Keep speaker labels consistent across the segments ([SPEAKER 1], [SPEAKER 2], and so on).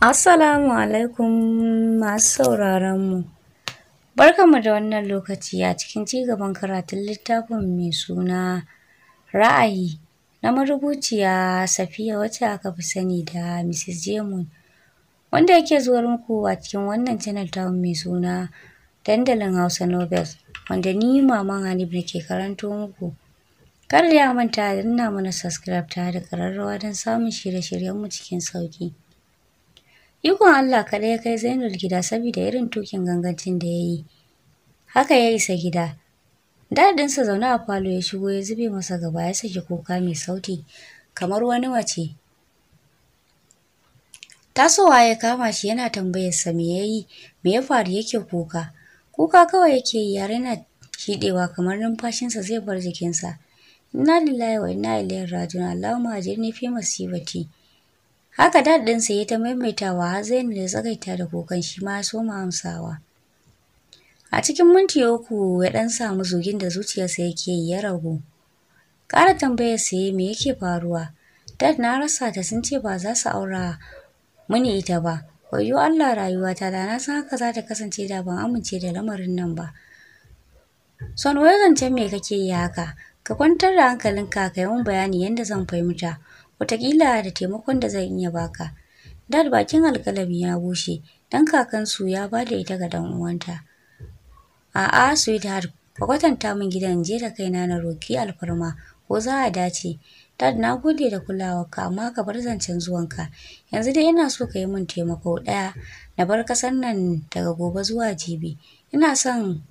[SPEAKER 1] Assalamu alaikum masu sauraron sauraronmu. mu da wannan lokaci a cikin cigaban karatun littafin mai suna Ra'ayi na marubuciya Safiya wacce aka fi sani da Mrs. Jemun wanda yake zuwar muku a cikin wannan channel ta mai suna dandalin Hausa Novels wanda ni Maman Hanif ke karanto muku. Kar da ya manta da nuna mana subscribe ta da ƙararrawa don samun shirye-shiryenmu cikin sauƙi. Ikon Allah kaɗai ya kai Zainul gida saboda irin tukin gangancin da ya yi. Haka ya isa gida. Daɗinsa zaune a falo ya shigo ya zube masa gaba ya saki kuka mai sauti kamar wani mace. Tasowa ya kama shi yana tambayarsa me ya yi, me ya faru yake kuka. Kuka kawai yake yi yare na shiɗewa kamar numfashinsa zai bar jikinsa. Inna lillahi wa inna ilaihi raji'un Allahumma ajirni fi masibati. Haka dad ɗinsa ya ta maimaitawa har Zainab da tsagaita da kokan shi ma soma amsawa. A cikin minti uku ya ɗan samu zugin da zuciyarsa yake yi ya ragu. Ƙara tambayar sa me yake faruwa? Dad na rasa ta sun ce ba za su aura muni ita ba. Wayyo Allah rayuwata da na san haka za ta kasance da ban amince da lamarin nan ba. Son wai zancen me kake yi haka? Ka kwantar da hankalinka ka yi bayani yadda zan fahimta. wataƙila da taimakon da zan iya baka. Dad bakin alƙalami ya bushe, dan kakansu ya bada ita ga dan uwanta. A'a sweetheart, ka kwatanta min gidan je da kaina na roki alfarma ko za a dace. Dad na gode da kulawarka amma ka bar zancen zuwanka. Yanzu dai ina so ka yi min taimako ɗaya na bar kasan nan daga gobe zuwa jibi. Ina son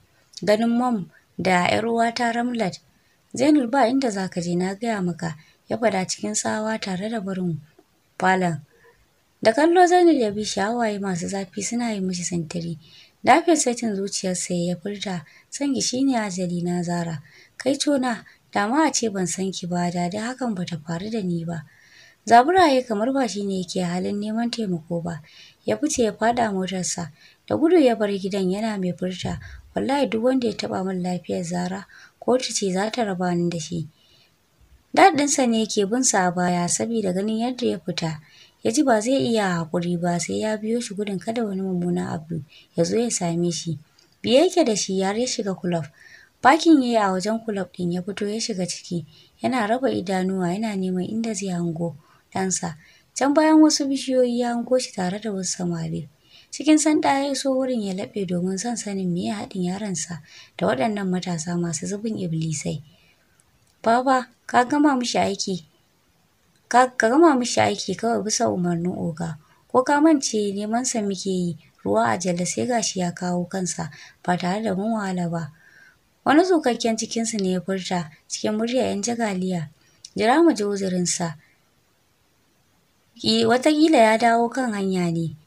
[SPEAKER 1] ganin mom da 'yar uwata Ramlat. Zainul ba inda za ka je na gaya maka. ya faɗa cikin tsawa tare da barin falon. Da kallo Zainab ya bi shi hawaye masu zafi suna yi mishi santiri. Dafe saitin zuciyarsa ya furta, san gishi ne ajali na Zara. Kai cona, da ma a ce ban san ki ba, da da hakan bata faru da ni ba. Zaburaye kamar ba shi ne yake halin neman taimako ba. Ya fice ya faɗa motarsa, da gudu ya bar gidan yana mai furta, wallahi duk wanda ya taɓa min lafiyar Zara, kotu ce za ta raba ni da shi. Daɗinsa ne ke bin a baya saboda ganin yadda ya fita, ya ji ba zai iya haƙuri ba sai ya biyo shi gudun kada wani mummuna abu ya zo ya same shi. Biye yake da shi har ya shiga kulob. Bakin yayi a wajen kulob ɗin ya fito ya shiga ciki, yana raba idanuwa yana neman inda zai hango ɗansa. Can bayan wasu bishiyoyi ya hango shi tare da wasu samari. Cikin sanda ya iso wurin ya laɓe domin son sanin meye haɗin yaransa da waɗannan matasa masu zubin iblisai. Baba, ka gama mishi aiki. Ka gama mishi aiki kawai bisa umarnin oga. Ko ka mance nemansa muke yi, ruwa a jalla sai gashi ya kawo kansa ba tare da mun wahala ba. Wani tsukakken cikinsu ne ya furta cikin murya 'yan jagaliya. Jira mu ji uzurinsa. watakila ya dawo kan hanya ne.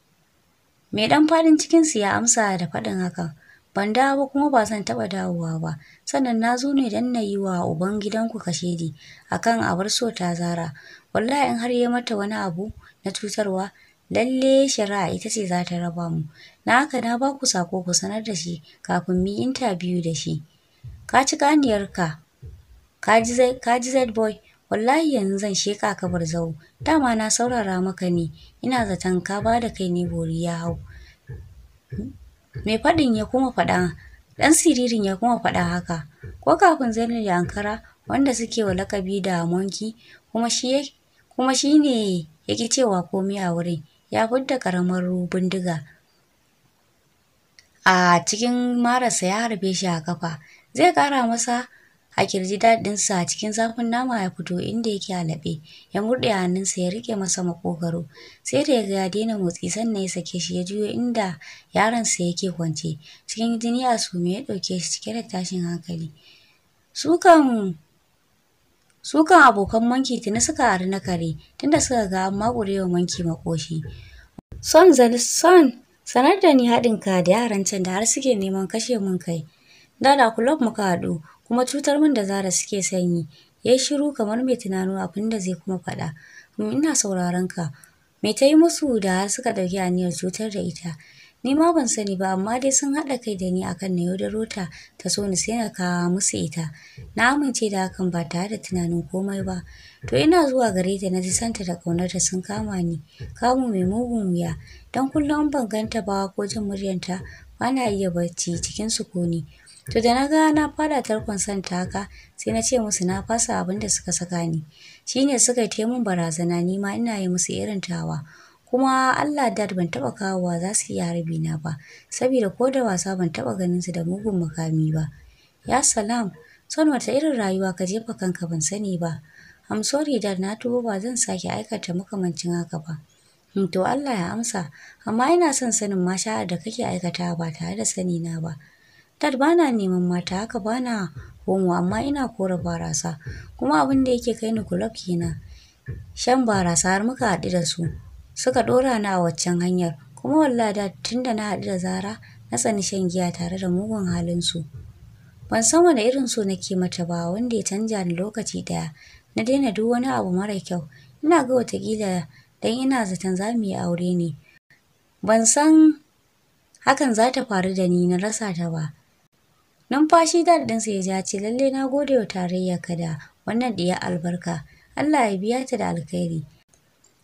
[SPEAKER 1] Mai ɗan faɗin cikinsu ya amsa da faɗin hakan. Ban dawo ba kuma ba zan taɓa dawowa ba. Sannan na zo ne don na yi wa ubangidanku kashedi a kan abar so ta Zara. Wallahi in har ya mata wani abu na cutarwa, lalle shari'a ita ce za ta raba mu. Na haka na ba ku sako ku sanar da shi kafin mu yi intabiyu da shi. Ka ci ganiyarka, ka ji zai boy, wallahi yanzu zan sheka ka bar zawo Dama na saurara maka ne, ina zaton ka ba da kai ne bori ya hau. Mai faɗin ya kuma faɗa ɗan siririn ya kuma faɗa haka. Ko kafin zainul da Ankara wanda suke wa lakabi da Monki kuma shi kuma shi ne yake cewa komai a wurin ya fidda karamar bindiga. A cikin marasa ya harbe shi a kafa zai kara masa a kirji daɗinsa a cikin zafin nama ya fito inda yake laɓe ya murɗe hannunsa ya riƙe masa makogaro sai da ya ga ya daina motsi sannan ya sake shi ya juyo inda yaransa yake kwance cikin jini a sume ya ɗauke shi cike da tashin hankali sukan sukan abokan manki tuni suka hari na kare tunda suka ga an makurewa manki makoshi son son sanar da ni haɗin ka da yaran can da har suke neman kashe mun kai da da kulob muka haɗu kuma cutar min da Zara suke sanyi. Ya yi shiru kamar mai tunanin abin da zai kuma faɗa. Ina sauraron ka. Me ta yi musu da har suka ɗauki aniyar cutar da ita? Ni ma ban sani ba amma dai sun haɗa kai da ni akan na yaudaro ta ta so ni sai na kawo musu ita. Na amince da hakan ba tare da tunanin komai ba. To ina zuwa gare ta na ji santa da kaunar ƙaunarta sun kama ni. Kamu mai mugun wuya. Dan kullum ban ganta ba ko jin muryarta ba na iya barci cikin sukuni. To da na ga na fada tarkon ta haka sai na ce musu na fasa abin da suka saka ni. Shi ne suka yi mun barazana ni ma ina yi musu irin tawa. Kuma Allah da ban taba kawowa za su iya harbi na ba, saboda ko da wasa ban taba ganin su da mugun makami ba. Ya salam, son wata irin rayuwa ka jefa kanka ban sani ba. I'm sorry dad na tuba ba zan sake aikata makamancin haka ba. Hmm, to Allah ya amsa, amma ina son sanin masha da kake aikata ba tare da sani na ba. dad bana neman mata haka bana homo amma ina kora barasa kuma abin da yake kai ni kulob kenan shan barasa har muka haɗu da su suka ɗora ni a waccan hanyar kuma wallahi da tunda na haɗu da zara na tsani shan giya tare da mugun halinsu ban san wani irin so nake mata ba wanda ya canja ni lokaci daya na daina duk wani abu mara kyau ina ga watakila dan ina zaton za mu yi aure ne ban san hakan za ta faru da ni na rasa ta ba Numfashi ɗin sa ya ja ce lalle na gode wa tarayya. ka da wannan ɗiya albarka. Allah ya biya ta da alkhairi.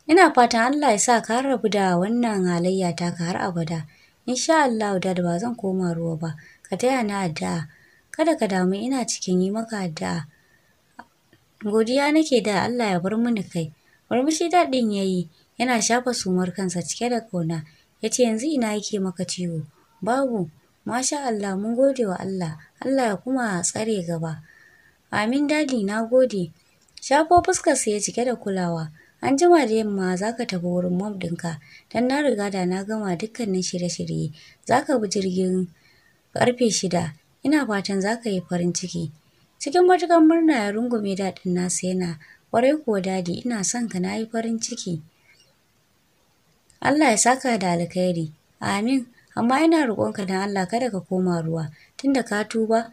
[SPEAKER 1] Ina fatan Allah ya sa ka rabu da wannan halayya ta ka har abada. Insha Allah dad ba zan koma ruwa ba. Ka taya ni addu'a. Kada ka damu ina cikin yi maka addu'a. Godiya nake da Allah ya bar mini kai. Murmushi daɗin ya yi, yana shafa sumar kansa cike da ƙauna. Ya ce yanzu ina yake maka ciwo? Babu, Masha Allah mun gode wa Allah, Allah ya kuma tsare gaba. Amin dadi na gode. Shafo fuskarsa ya cike da kulawa. An jima da yamma za ka tafi wurin mom ɗinka, don na riga da na gama dukkanin shirye-shirye. Za ka bi jirgin ƙarfe shida, ina fatan za ka yi farin ciki. Cikin matuƙar murna ya rungume daɗin nasa yana, ƙwarai kuwa dadi ina son ka na yi farin ciki. Allah ya saka da alkhairi. Amin. amma ina roƙonka dan Allah kada ka koma ruwa tunda ka tuba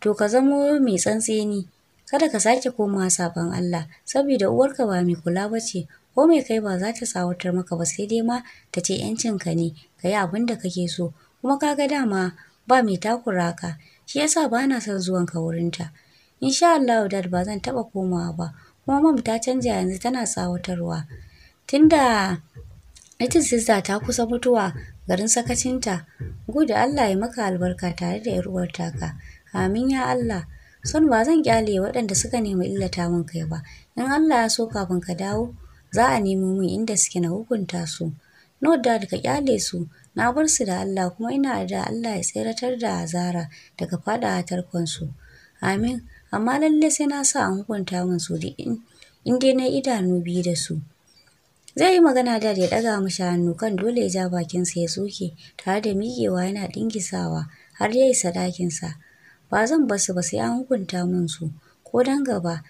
[SPEAKER 1] to ka zamo mai tsantseni kada ka sake komawa sabon Allah saboda uwarka ba mai kula ba ce ko mai kai ba za ta tsawatar maka ba sai dai ma ta ce 'yancin ka ne ka yi abin da kake so kuma ka ga dama ba mai takura ka shi yasa ba na son zuwanka wurinta insha Allah dad ba zan taɓa komawa ba kuma mam ta canja yanzu tana tsawatarwa tunda ita Sister ta kusa mutuwa garin sakacinta gudu Allah ya maka albarka tare da 'yar uwar taka amin ya Allah son ba zan kyale waɗanda suka nemi illata mun kai ba in Allah ya so kafin ka dawo za a nemo min inda suke na hukunta su no da ka kyale su na bar su da Allah kuma ina da Allah ya tseratar da azara daga fada tarkon su amin amma lalle sai na sa an hukunta min su in dai na idanu biyu da su Zai yi magana da ya ɗaga mashi hannu kan dole ya ja bakinsa ya soke tare da miƙewa yana dingisawa har ya isa ɗakinsa. Ba zan basu ba sai an hukunta min su ko dan gaba.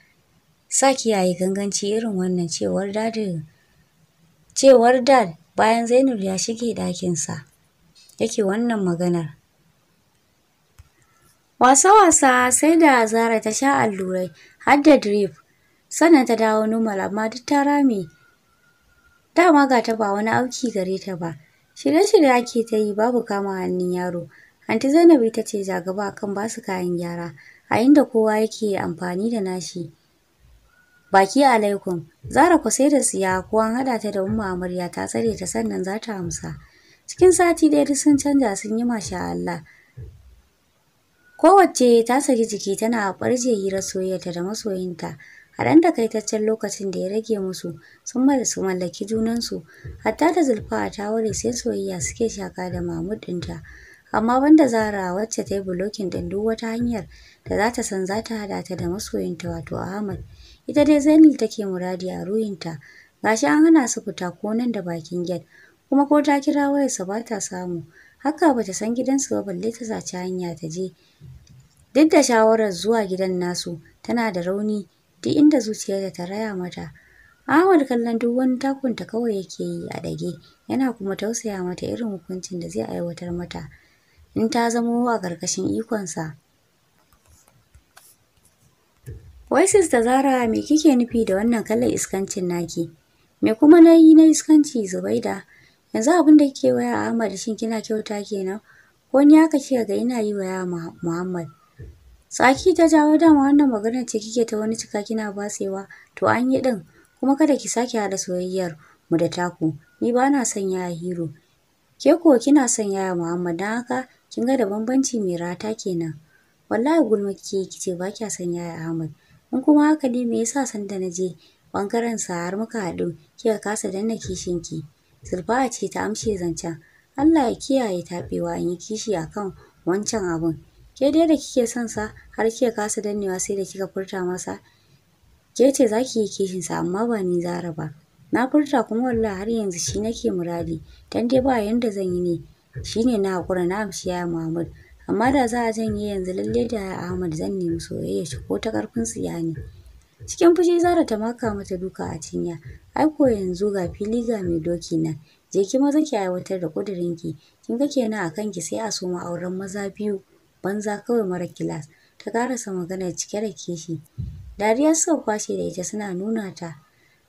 [SPEAKER 1] Sa yayi ganganci irin wannan cewar dadin cewar dad bayan Zainul ya shige ɗakinsa yake wannan maganar. Wasa-wasa sai da Zara ta sha allurai har da drip sannan ta dawo numal amma duk ta rame Dama ga ta ba wani auki gare ta ba. Shirye-shirye ake ta yi babu kama hannun yaro. Anti Zainab ita ce Zagaba kan basu kayan gyara, a inda kowa yake amfani da nashi. Baki alaikum, Zara ku sai da siya ko an haɗa ta da umma amarya ta tsare ta sannan za ta amsa. Cikin sati ɗaya duk sun canja sun yi masha Allah. Kowacce ta saki jiki tana ɓarje hirar soyayyarta da masoyinta. a ɗan takaitaccen lokacin da ya rage musu sun mara su mallaki junansu hatta da zulfa'a ta ware sai soyayya suke shaka da mahmud ɗinta amma banda zara wacce ta yi bulokin ɗin duk wata hanyar da za ta san za ta hada ta da masoyinta wato ahmad ita dai zainul take muradi a ruhinta gashi an hana su fita ko nan da bakin gate kuma ko ta kira wayarsa ba ta samu haka ba ta san gidansu ba balle ta saci hanya ta je duk da shawarar zuwa gidan nasu tana da rauni duk inda zuciyarta ta raya mata. Ahmad kallon duk wani takunta kawai yake yi a ɗage, yana kuma tausaya mata irin hukuncin da zai aiwatar mata in ta zamo a ƙarƙashin ikonsa. Wai da Zara me kike nufi da wannan kallon iskancin naki? Me kuma na yi na iskanci Zubaida? Yanzu abin da kike waya Ahmad shin kina kyauta kenan? Ko ni haka kika ga ina yi wa Muhammad? Tsaki ta jawo dama wannan maganar ce kike ta wani cika kina basewa to an yi din kuma kada ki sake hada soyayyar mu da taku ni ba na son yaya hiro ke ko kina son yaya Muhammad dan haka kin ga da bambanci mai rata kenan wallahi gulma kike kice ba kya son yaya Ahmad in kuma haka ne me yasa san da je bangaren sa har muka haɗu kika kasa danna kishin ki Zulfa ce ta amshe zancen Allah ya kiyaye taɓewa in yi kishi akan wancan abun Ke dai da kike son sa har kika kasa dannewa sai da kika furta masa. Ke ce za ki yi kishinsa amma ba ni zara ba. Na furta kuma wallahi har yanzu shi nake muradi. Dan dai ba yanda zan yi ne. shine na hakura na amshi ya Muhammad. Amma da za a janye yanzu lalle da yaya Ahmad zan nemi soyayya shi ko ta ƙarfin ya ne. Cikin fushi Zara ta maka mata duka a cinya. Ai ko yanzu ga fili ga mai doki na. Je ki maza ki aiwatar da ki, Kin ga kenan a kanki sai a soma auren maza biyu. banza kawai mara kilas ta karasa maganar cike da kishi dariya suka kwashe da ita suna nuna ta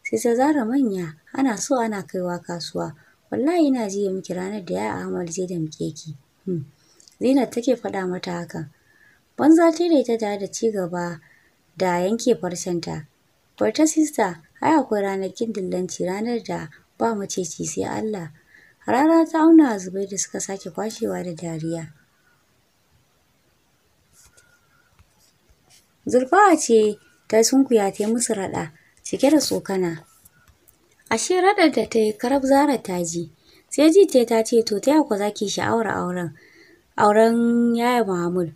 [SPEAKER 1] sai ta zara manya ana so ana kaiwa kasuwa wallahi ina ji ya miki ranar da ya Ahmad zai muke ki hmm. Zina take faɗa mata hakan banza ta da ita tare da ci gaba da yanke farcenta Barta sista ai akwai ranakin dillanci ranar da ba mace ci sai Allah Rara, ta auna zubai da suka sake kwashewa da dariya Zulfa'a ce ta sunkuya ta musu raɗa cike da tsokana. Ashe raɗar da ta yi karab zara ta ji. Sai ji ta ta ce to ta yakwa za ki sha'awar auren auren yaya Muhammad.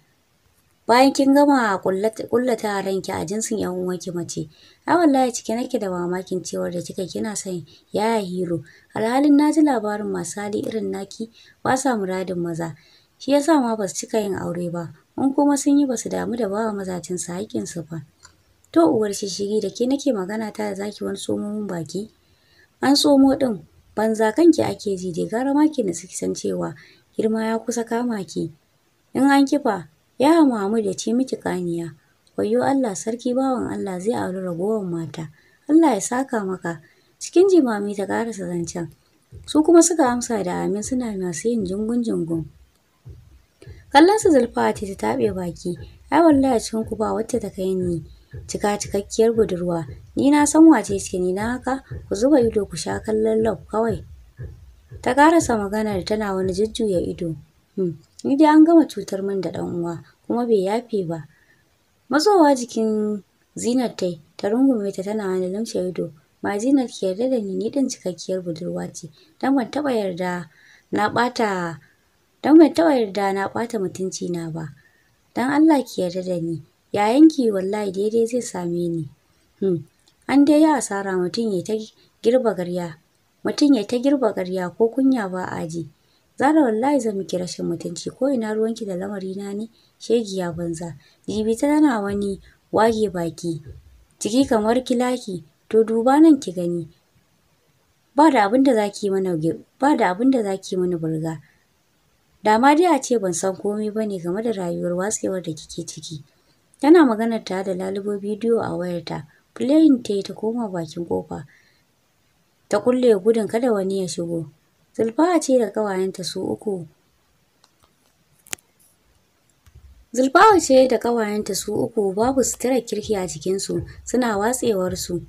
[SPEAKER 1] Bayan kin gama kullata ranki a jinsin yan uwanki mace. Ai wallahi cike nake da mamakin cewar da kika kina son yaya hero. Alhalin na ji labarin masali irin naki ba sa muradin maza. Shi yasa ma ba su cika yin aure ba. in kuma sun yi ba su damu da bawa hakkin su ba. To uwar shishiri da ke nake magana ta da zaki wani tsomo baki. An tsomo ɗin banza kanki ake ji da gara ma ki suke san cewa girma ya kusa kama ki. In an kifa ya Muhammad ya ce miki kaniya. Wayyo Allah sarki bawan Allah zai auri ragowar mata. Allah ya saka maka. Cikin jimami ta karasa zancen. Su kuma suka amsa da amin suna masu yin jungun-jungun. Kallon su zulfa ce ta taɓe baki. Ai wallahi cikin ku ba wacce ta kai ni. Cika cikakkiyar budurwa. Ni na san wace ce ni na haka ku zuba ido ku sha kallon lab kawai. Ta magana da tana wani jujjuya ido. Hmm. Ni dai an gama cutar min da ɗan uwa kuma bai yafe ba. Matsowa jikin zinar tai ta rungume ta tana wani lamshe ido. Ma zinar ki yarda da ni ni din cikakkiyar budurwa ce. Dan ban taɓa yarda na ɓata don bai taɓa yarda na ɓata mutunci na ba. Don Allah ki yarda da ni, yayanki wallahi daidai zai same ni. Hmm. An dai yi asara mutum ya ta girba garya, mutum ya ta girba garya ko kunya ba a ji. Zara wallahi zan miki rashin mutunci ko ina ruwanki da na ne shegiya banza. Jibita tana wani wage baki, ciki kamar kilaki, to duba nan ki gani. Ba da abin da za ki yi ba da mana burga. Da ma dai a ce ban san komai ba ne game da rayuwar watsewar da kike ciki. Tana magana tare da lalubo bidiyo a wayarta. Playing ta ta koma bakin kofa. Ta kulle gudun kada wani ya shigo. Zulfa ce da ƙawayenta su uku. a ce da kawayenta su uku babu sutura kirki a jikinsu suna watsewarsu.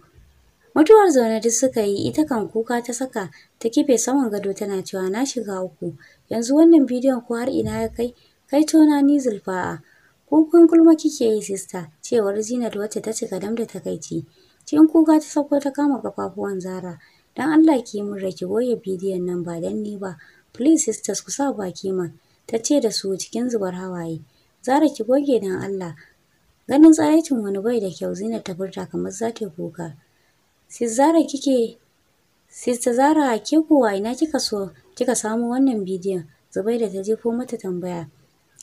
[SPEAKER 1] Mutuwar zaune duk suka yi ita kan kuka ta saka ta kife saman gado tana cewa na shiga uku Yanzu wannan bidiyon ko har ina ya kai? Kai tona ni zulfa'a. kun gulma kike yi sista, cewar Zinat wacce ta cika dam da takaici. Cikin kuka ta sauko ta kama kafafuwan Zara. Dan Allah ki min rage goye bidiyon nan ba dan ni ba. Please sisters ku sa baki man. Ta ce da su cikin zubar hawaye. Zara ki goge dan Allah. Ganin tsayacin wani bai da kyau Zinat ta furta kamar za ta kuka. Sis Zara kike Sista Zara ke kuwa ina kika so kika samu wannan bidiyon? Zubaida ta ko mata tambaya.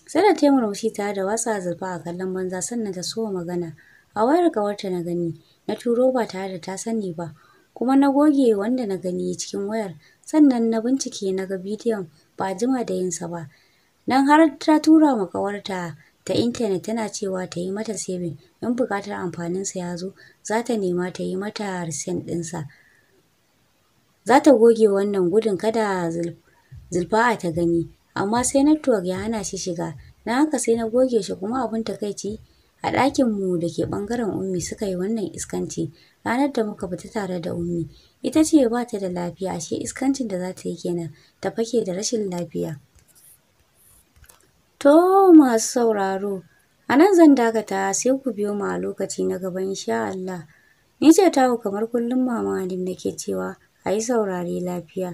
[SPEAKER 1] Sannan ta yi murmushi ta da watsa azurfa a kallon banza sannan ta soma magana. A wayar kawarta na gani, na turo ba tare da ta sani ba, kuma na goge wanda na gani cikin wayar, sannan na bincike na ga bidiyon ba jima da yinsa ba. Nan har ta tura ma kawarta ta intanet tana cewa ta yi mata saving in bukatar amfanin sa ya zo, za ta nema ta yi mata resend ɗinsa. Za ta goge wannan gudun kada Zulfa'a ta gani, amma sai network ya hana shi shiga, na haka sai na goge shi kuma abin takaici a ɗakin mu da ke ɓangaren Ummi suka yi wannan iskanci ranar da muka fita tare da Ummi. Ita ce ba ta da lafiya ashe iskancin da za ta yi kenan ta fake da rashin lafiya. To masu sauraro, a nan zan dakata sai ku biyo mu a lokaci na gaba insha Allah. Ni ce tawo kamar kullum Mama nake cewa. a yi saurare lafiya.